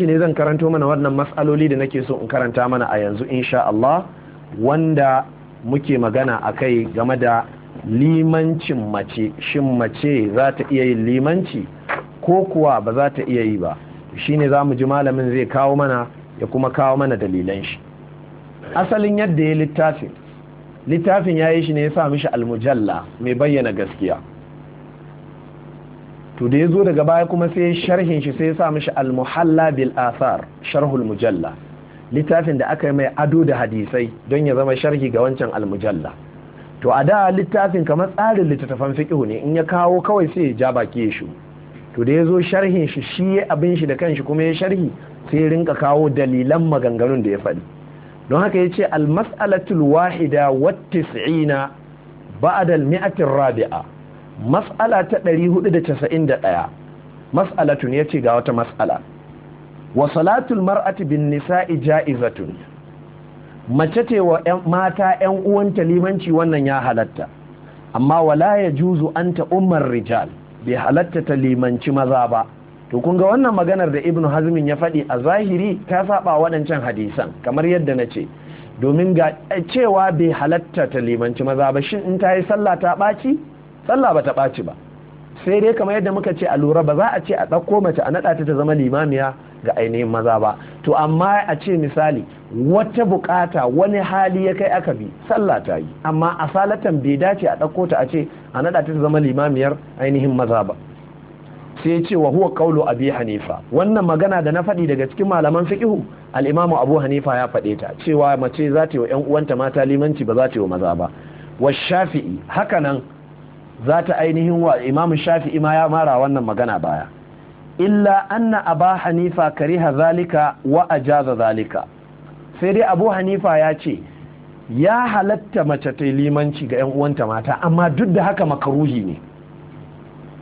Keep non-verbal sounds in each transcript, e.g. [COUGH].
shi ne zan karanto mana wannan matsaloli da nake so in karanta mana a yanzu insha Allah wanda muke magana a kai game da limancin mace shin mace za ta iya yin limanci ko kuwa ba za ta iya yi ba shi ne za mu ji malamin zai kawo mana ya kuma kawo mana dalilan shi asalin yadda ya littafin littafin ya yi shi ne ya sa mishi almujalla mai bayyana gaskiya to da ya zo daga baya kuma sai sharhin shi sai ya sa mishi al-muhalla bil athar sharhul mujalla littafin da aka yi mai ado da hadisai don ya zama sharhi ga wancan al-mujalla to a da littafin kamar tsarin littattafan fiqh ne in ya kawo kawai sai ya ja baki ya shi to da ya zo sharhin shi shi ya abin shi da kanshi kuma ya sharhi sai ya rinka kawo dalilan maganganun da ya faɗi don haka ya ce al-mas'alatul wahida wat 90 ba'da al-mi'atir rabi'a mas'ala ta ɗari da casa'in 491 tun ya ce ga wata mas'ala wa salatul mar'ati bin nisa'i ja'izatun mace ce wa mata 'yan uwanta limanci wannan ya halatta amma wala ya juzu an ta umar rijal bai halatta ta limanci maza ba to kun ga wannan maganar da ibnu hazmin ya faɗi a zahiri ta saba waɗancan hadisan kamar yadda na ce domin ga eh, cewa bai halatta ta limanci maza ba shin in ta yi sallah ta ɓaci sallah ba ta ɓaci ba sai dai kamar yadda muka ce a lura ba za a ce a ɗauko mace a naɗa ta zama limamiya ga ainihin maza ba to amma a ce misali wata bukata wani hali ya kai aka bi sallah ta yi amma a Salatan bai dace a ɗauko ta a ce a naɗa ta zama limamiyar ainihin maza ba sai ce wa huwa qawlu abi hanifa wannan magana da na faɗi daga cikin malaman fiqhu al-imam abu hanifa ya faɗe ta cewa mace za ta yi wa ƴan uwanta mata limanci ba za ta yi wa maza ba wa shafi'i hakanan za ta ainihin wa imam shafi'i ma ya mara wannan magana baya illa anna abu hanifa kariha zalika wa zalika sai dai abu hanifa ya ce ya halatta mace ta limanci ga 'yan uwanta mata amma duk da haka makaruhi ne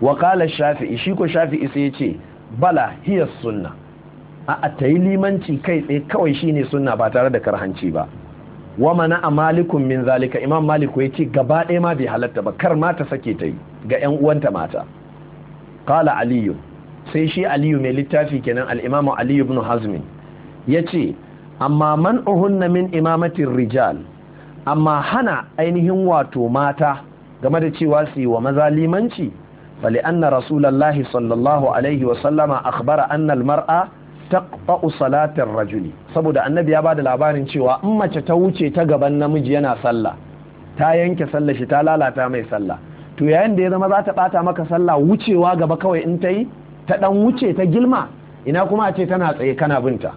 wakalar shafi'i shi ko shafi'i sai ya ce bala hiyar sunna a ta yi limanci kai tsaye kawai shine sunna ba tare da karhanci ba wa mana amalikun min zalika imam maliku ya ce gaba ɗaya ma bai halatta ba kar mata sake ta yi ga 'yan uwanta mata kala aliyu sai shi aliyu mai littafi kenan al'imamu aliyu ibn hazmin ya ce amma man uhunna min imamatin rijal amma hana ainihin wato mata game da cewa su yi wa maza limanci fali anna rasulallahi sallallahu alaihi wasallama akhbara annal mar'a taqfa'u salatar rajuli saboda annabi ya bada labarin cewa in mace ta wuce ta gaban namiji yana sallah ta yanke sallah shi ta lalata mai sallah to yayin da ya zama za ta bata maka sallah wucewa gaba kawai in ta yi ta dan wuce ta gilma ina kuma a ce tana tsaye kana binta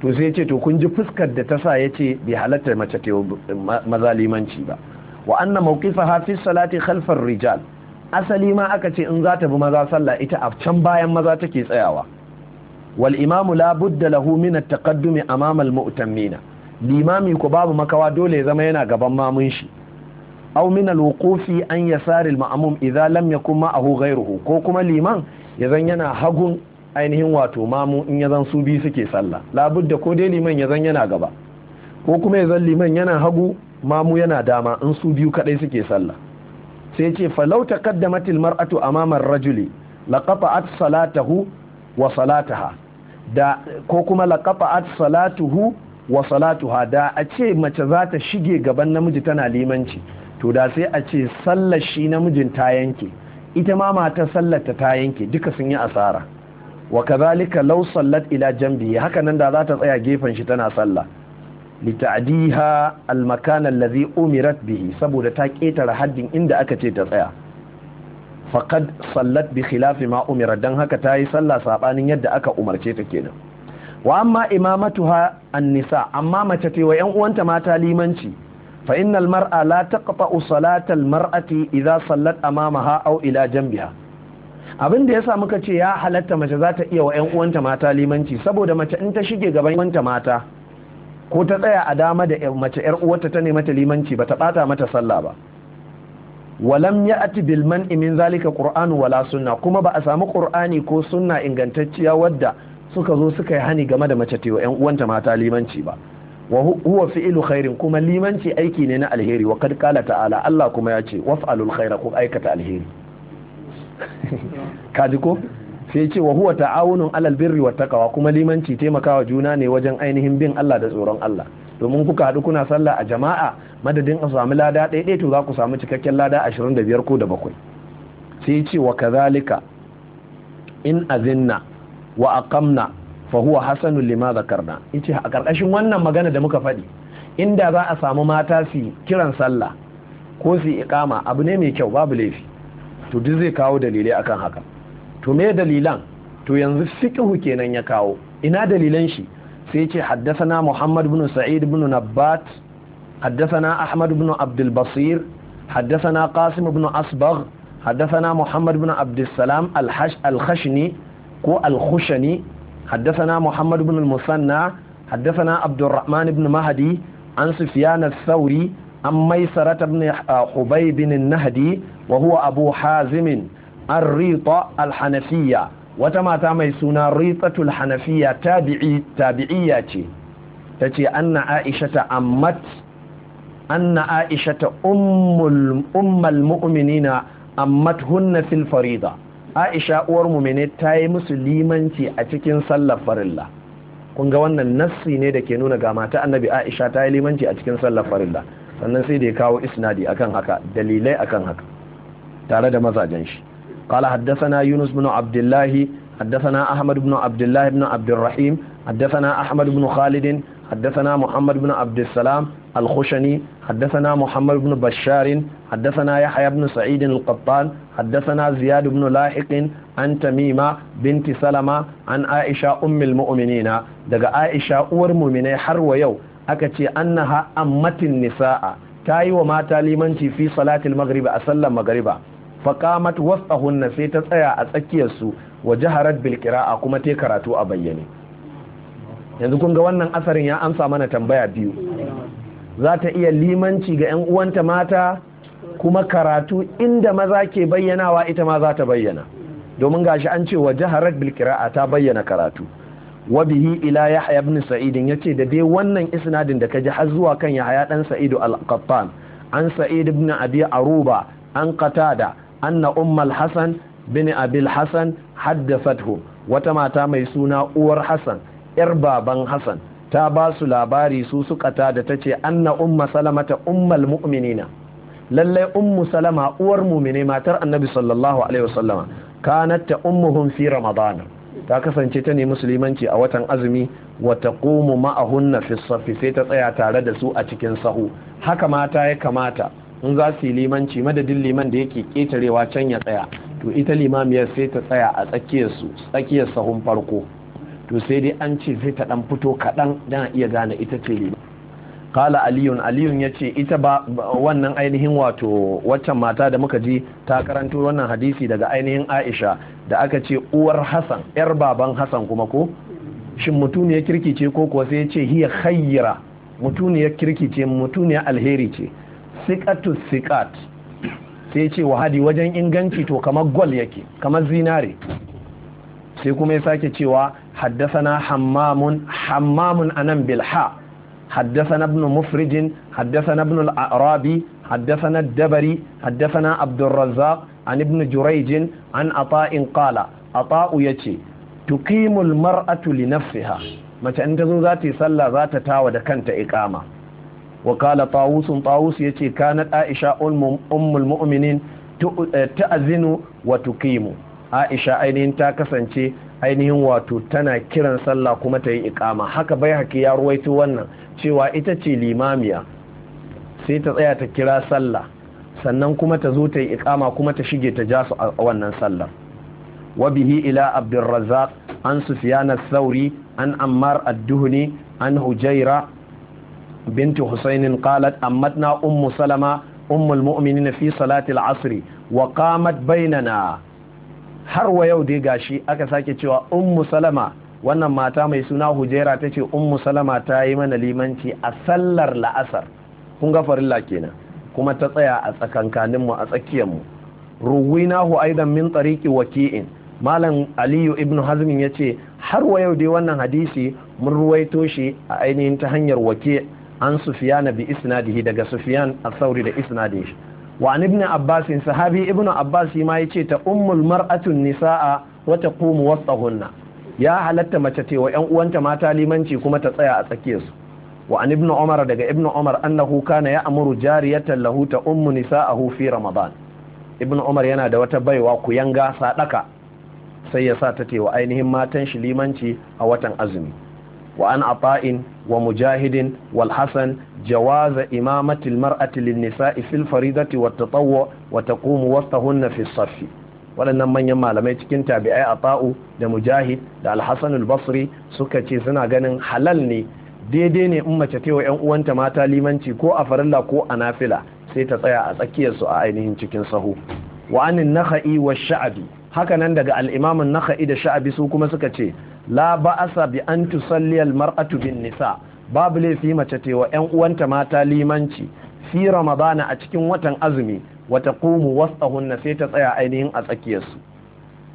to sai ce to kun ji fuskar da ta sa ya ce bai halatta mace ta yi mazalimanci ba wa anna mawqifa hafiz salati khalfar rijal asali ma aka ce in za ta bi maza sallah ita a can bayan maza take tsayawa wal لا بد له من التقدم at-taqaddumi amama al-mu'tammina limami ko babu makawa dole ya zama yana gaban mamun shi aw min al-wuqufi an yasari al-ma'mum idza lam yakun ma'ahu ko kuma liman ya zan yana hagun ainihin wato mamu in ya zan su bi suke sallah la budda ko dai liman ya zan yana gaba ko kuma ya zan liman yana hagu mamu yana dama in su biyu kadai suke sallah sai ce falau taqaddamatil mar'atu amama ar-rajuli laqata'at salatahu wa salataha da ko kuma laqata'at salatuhu wa salatuha da a ce mace za ta shige gaban namiji tana limanci to da sai a ce sallar shi namijin ta yanke ita ma matar sallar ta ta yanke duka sun yi asara wa kazalika law sallat ila jambi haka nan da za ta tsaya gefen shi tana sallah lita'diha al Lazi alladhi umirat bihi saboda ta ketare haddin inda aka ce ta tsaya faqad sallat bi khilafi ma umira dan haka tayi sallah sabanin yadda aka umarce ta kenan wa amma imamatuha an-nisa amma mace ce wa yan uwanta mata limanci fa innal mar'a la taqta'u salata al-mar'ati idza sallat amamaha aw ila janbiha abin da yasa muka ce ya halatta mace za ta iya wa yan uwanta mata limanci saboda mace in ta shige gaban uwanta mata ko ta tsaya a dama da mace yar uwarta ta ne mata limanci ba ta bata mata sallah ba walam ya ati bilman imin zalika qur'an wala sunna kuma ba a samu qur'ani ko sunna ingantacciya wadda suka zo suka yi hani game da mace tewa yan uwanta mata limanci ba wa huwa fi'lu khairin kuma limanci aiki ne na alheri wa kad qala ta'ala Allah kuma ya ce waf'alul khaira ku aikata alheri [LAUGHS] kaji ko sai ce wa huwa ta'awunun alal birri wa kuma limanci taimakawa juna ne wajen ainihin bin Allah da tsoron Allah domin kuka haɗu kuna sallah a jama'a madadin a sami lada ɗaya to za ku samu cikakken lada ashirin da biyar ko da bakwai sai ce wa kazalika in azinna wa aqamna fa huwa hasanu lima zakarna yace a ƙarƙashin wannan magana da muka faɗi inda za a samu mata su kiran sallah ko su iqama abu ne mai kyau babu laifi to duk zai kawo dalilai akan haka to me dalilan to yanzu fiqhu kenan ya kawo ina dalilan shi sai ce haddasana muhammad bin sa'id bin nabat haddasana ahmad bin abdul basir haddasana qasim bin asbagh haddasana muhammad bin abdussalam al-khashni ko al-khushani haddasana muhammad bin musanna haddasana abdurrahman bin mahdi an sufyan al-thawri an maisarat ibn uh, hubay bin nahdi wa huwa abu hazim al hanafiyya wata mata mai suna ritsatul hanafiya tabi'i tabi'iyya ce ta ce anna aisha ta ammat anna aisha ta ummul ummal mu'minina ammat hunna fil farida aisha uwar mu'mine ta yi musu limanci a cikin sallar farilla kun ga wannan nassi ne da ke nuna ga mata annabi aisha ta yi limanci a cikin sallar farilla sannan sai da ya kawo isnadi akan haka dalilai akan haka tare da mazajen shi قال حدثنا يونس بن عبد الله حدثنا أحمد بن عبد الله بن عبد الرحيم حدثنا أحمد بن خالد حدثنا محمد بن عبد السلام الخشني حدثنا محمد بن بشار حدثنا يحيى بن سعيد القطان حدثنا زياد بن لاحق عن تميمة بنت سلمة عن عائشة أم المؤمنين دقى عائشة أور مؤمنين حر ويو أكتي أنها أمت النساء تاي وما تالي منتي في صلاة المغرب أسلم مغربا faqamat wasahunna sai ta tsaya a tsakiyar su wa jaharat bil qira'a kuma ta karatu a bayyane yanzu kun ga wannan asarin ya amsa mana tambaya biyu za ta iya limanci ga 'yan uwanta mata kuma karatu inda maza ke bayyanawa ita ma za ta bayyana domin gashi an ce wa jaharat bil qira'a ta bayyana karatu wa bihi ila yahya ibn sa'id yace da dai wannan isnadin da ka ji har zuwa kan yahya dan Sa'idu al-qattan an sa'id ibn abi aruba an qatada anna ummal hasan bin abil hasan haddathathu wata mata mai suna uwar hasan yar baban hasan ta ba su labari su sukata da ta ce anna umma salamata ummal mu'minina lallai ummu salama uwar mumine matar annabi sallallahu alaihi wasallama kanat ta kasance ta ne musulmanci a watan azumi wa taqumu ma'ahunna fi saffi sai ta tsaya tare da su a cikin sahu haka mata ya kamata in za su yi limanci madadin liman da yake ketarewa can ya tsaya to ita limamiyar sai ta tsaya a tsakiyarsu tsakiyar sahun farko to sai dai an ce zai ta dan fito kaɗan don a iya gane ita ce liman kala aliyun aliyun ya ce ita ba wannan ainihin wato waccan mata da muka ji ta karanto wannan hadisi daga ainihin aisha da aka ce uwar hassan yar baban hassan kuma ko shin mutuniyar kirki ce ko kuwa sai ya ce hiya khayyira mutuniyar kirki ce mutuniyar alheri ce sikatu sikat sai ce wahadi wajen inganci to kamar gwal yake kamar zinare sai kuma ya sake cewa haddasana hammamun hammamun anan bilha haddasana ibn mufrijin haddasana ibn al haddasa haddasana dabari haddasana abdurrazzaq an ibn jurayjin an ata'in qala ata'u yace tuqimul mar'atu li nafsiha mace in ta zo za ta yi sallah za ta tawa da kanta iqama wa qala tawus tawus yace kanat aisha ummul mu'minin ta'zinu wa tuqimu aisha ainihin ta kasance ainihin wato tana kiran sallah kuma ta yi ikama haka bai haki ya ruwaito wannan cewa ita ce limamiya sai ta tsaya ta kira sallah sannan kuma ta zo ta yi ikama kuma ta shige ta ja su a wannan sallar wa bihi ila abdurrazzaq an sufyan ath sauri an ammar ad-duhni an hujaira بنت حسين قالت أمتنا أم سلمة أم المؤمنين في صلاة العصر وقامت بيننا har wa yau dai gashi aka sake cewa ummu salama wannan mata mai suna hujera ta ce ummu salama ta yi mana limanci a sallar la'asar kun ga farilla kenan kuma ta tsaya a tsakankaninmu a tsakiyar tsakiyarmu ruwinahu aidan min tsariki waki'in malam aliyu ibn hazmin ya ce har wa yau dai wannan hadisi mun ruwaito shi a ainihin ta hanyar waki. an sufyan bi isnadihi daga sufiyan asauri da da shi wa an ibn abbas sahabi ibn abbas ma yace ta ummul mar'atun nisaa wa taqumu wasahunna ya halatta mace ce wa ƴan uwanta mata limanci kuma ta tsaya a tsakiyarsu wa an ibn umar daga ibn umar annahu kana ya'muru jariyatan lahu ta ummu nisaahu fi ramadan ibn umar yana da wata baiwa ku yanga sadaka sai ya sa ta ce wa ainihin matan shi limanci a watan azumi وعن عطاء ومجاهد والحسن جواز إمامة المرأة للنساء في الفريضة والتطوع وتقوم وسطهن في الصف waɗannan manyan malamai cikin tabi'ai a ta'u da mujahid da alhassan basri suka ce suna ganin halal ne daidai ne in mace tewa 'yan uwanta mata limanci ko a farilla ko a nafila sai ta tsaya a tsakiyarsu a ainihin cikin sahu wa'anin naha'i wa sha'abi haka nan daga al'imamin naha'i da sha'abi su kuma suka ce la ba'asa bi an tusalli al mar'atu bin nisa babu laifi mace wa yan uwanta mata limanci fi ramadana a cikin watan azumi wa taqumu wasahunna sai ta tsaya ainihin a tsakiyarsu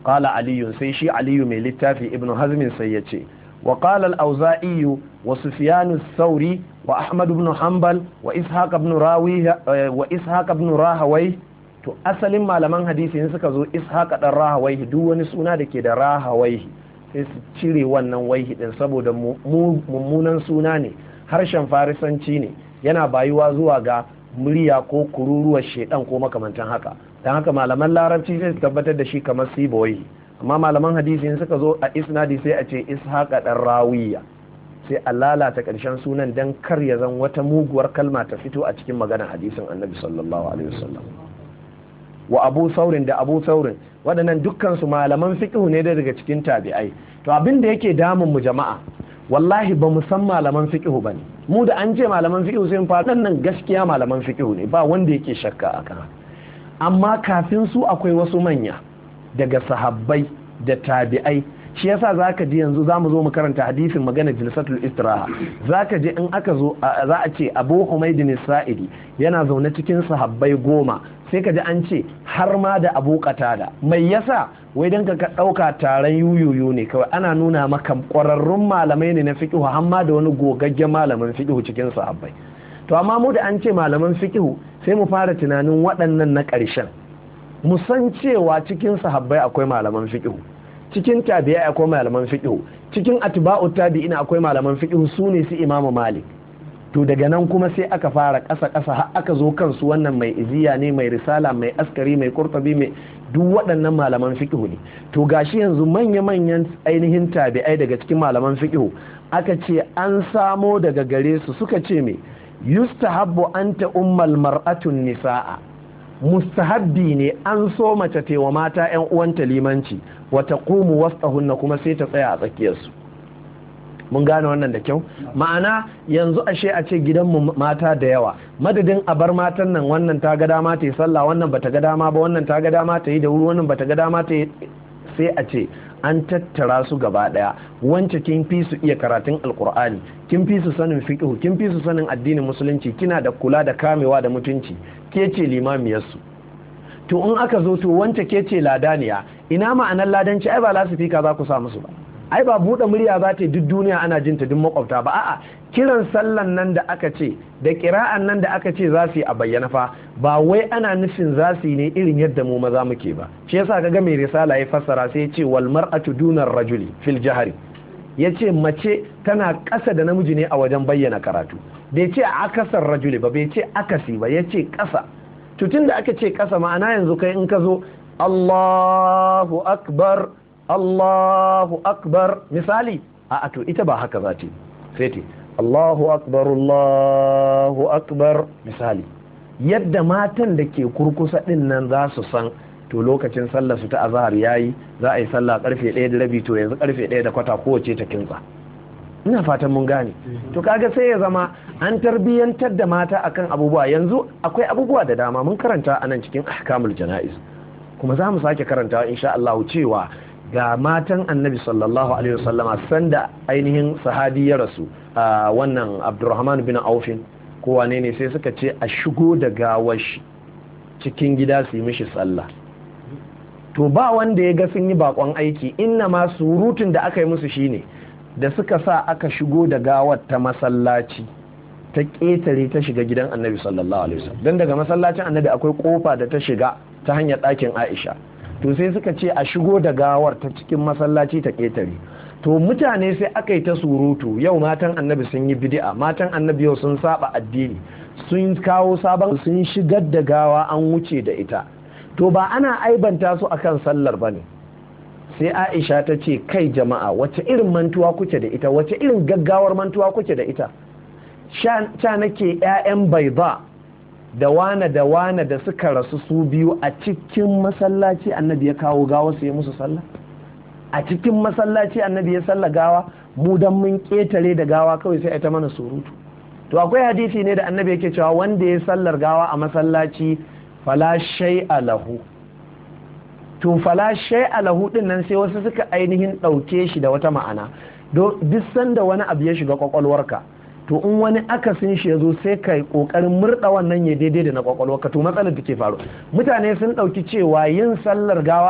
qala aliyu sai shi aliyu mai littafi ibnu hazmin sai ya ce wa qala al wa sufiyanu sauri wa ahmad ibn hanbal wa ishaq ibn rawi wa ishaq ibn rahawai to asalin malaman hadisi suka zo ishaq dan rahawai duk wani suna da ke da rahawai sai su cire wannan waihi din saboda mummunan suna ne harshen farisanci ne yana bayuwa zuwa ga murya ko kururuwar shaiɗan ko makamantan haka don haka malaman larabci sai su tabbatar da shi kamar siboyi amma malaman hadisi in suka zo a isnadi sai a ce ishaqa dan rawiya sai a lalata karshen sunan dan kar ya zan wata muguwar kalma ta fito a cikin magana hadisin annabi sallallahu alaihi wasallam wa abu saurin da abu saurin waɗannan dukkansu malaman fiƙihu ne daga cikin tabi'ai to abin da yake damun mu jama'a wallahi ba mu san malaman fiƙihu ba ne mu da an ce malaman fiƙihu sai fa nan gaskiya malaman fiƙihu ne ba wanda yake shakka akan amma kafin su akwai wasu manya daga sahabbai da tabi'ai shi yasa zaka ji yanzu za mu zo mu karanta hadisin magana jilsatul istiraha zaka ji in aka zo za a ce Abu Humaydin Sa'idi yana zaune cikin sahabbai goma sai ka ji an ce har ma da Abu Qatada mai yasa wai dan ka dauka taron yuyuyu ne kawai ana nuna maka kwararrun malamai ne na fiqh ma da wani gogaggen malamin fiqh cikin sahabbai to amma mu da an ce malaman fiqh sai mu fara tunanin waɗannan na ƙarshen mu san cewa cikin sahabbai akwai malaman fiqh cikin tabi'a akwai malaman fiqh cikin atba'u tabi'ina akwai malaman fiqh su ne su imamu malik to daga nan kuma sai aka fara ƙasa ƙasa har aka zo kansu wannan mai iziya ne mai risala mai askari mai kurtabi mai duk waɗannan malaman fiqh ne to gashi yanzu manya-manyan ainihin tabi'ai daga cikin malaman fiqh aka ce an samo daga gare su suka ce me yustahabbu anta ummal mar'atun nisa'a mustahabbi ne an so mace ta wa mata yan uwanta limanci wata qumu wasahunna kuma sai ta tsaya a tsakiyarsu mun gane wannan da kyau ma'ana yanzu ashe a ce gidan mu mata da yawa madadin a bar matan nan wannan ta ga dama ta yi sallah wannan bata ga dama ba wannan ta ga dama ta yi da wuri wannan bata ga dama ta yi sai a ce an tattara su gaba daya wance kin fi su iya karatun alkur'ani kin fi su sanin fiqh kin fi su sanin addinin musulunci kina da kula da kamewa da mutunci ke ce limamiyar su to in aka zo to wance ke ce ladaniya ina ma'anar ladanci ai ba lasifika za ku sa musu ba ai ba buɗe murya za ta yi duk duniya ana jin ta duk makwabta ba a'a kiran sallan nan da aka ce da kira'an nan da aka ce za su yi a bayyana fa ba wai ana nufin za su yi ne irin yadda mu maza muke ba shi yasa kaga mai risala ya fassara sai ya ce wal mar'atu dunar rajuli fil jahari ya ce mace tana ƙasa da namiji ne a wajen bayyana karatu bai ce akasar rajuli ba bai ce akasi ba ya ce ƙasa tutun da aka ce ƙasa ma'ana yanzu kai in ka zo Allahu akbar Allahu akbar misali a to ita ba haka za ta sai ta Allahu akbar Allahu akbar misali yadda matan da ke kurkusa din nan za su san to lokacin sallar su ta azhar yayi za a yi sallah karfe 1 da rabi to yanzu karfe 1 da kwata kowace ta kinza ina fatan mun gane to kaga sai ya zama an tarbiyyantar da mata akan abubuwa yanzu akwai abubuwa da dama mun karanta a nan cikin ahkamul jana'iz kuma za mu sake karantawa insha Allah cewa ga matan annabi sallallahu alaihi wasallama sanda ainihin sahabi ya rasu a wannan abdurrahman bin aufin kowa ne sai suka ce a shigo da gawashi cikin gida su yi mishi sallah to ba wanda ya ga sun yi bakon aiki inna ma surutun da aka yi musu shine da suka sa aka shigo da gawar ta masallaci ta ƙetare ta shiga gidan annabi sallallahu alaihi wasallam don daga masallacin annabi akwai kofa da ta shiga ta hanyar ɗakin aisha to sai suka ce a shigo da gawar ta cikin masallaci ta ƙetare to mutane sai aka yi ta surutu yau matan annabi sun yi bidi'a matan annabi yau sun saba addini sun kawo sabon sun shigar da gawa an wuce da ita to ba ana aibanta su akan sallar ba ne sai aisha ta ce kai jama'a wace irin mantuwa kuke da ita wace irin gaggawar mantuwa kuke da ita sha nake 'ya'yan bai ba da wane da wane da suka rasu su biyu a cikin masallaci annabi ya kawo gawa su yi musu sallah a cikin masallaci annabi ya salla gawa mu dan mun ketare da gawa kawai sai a ta mana surutu to akwai hadisi ne da annabi yake cewa wanda ya sallar gawa a masallaci fala shay'a lahu to fala lahu din nan sai wasu suka ainihin ɗauke shi da wata ma'ana duk sanda wani abu ya shiga kwakwalwarka to in wani akasin shi ya zo sai ka yi ƙoƙarin murɗa wannan ya daidai da na ƙwaƙwalwa ka to matsalar da ke faru mutane sun ɗauki cewa yin sallar gawa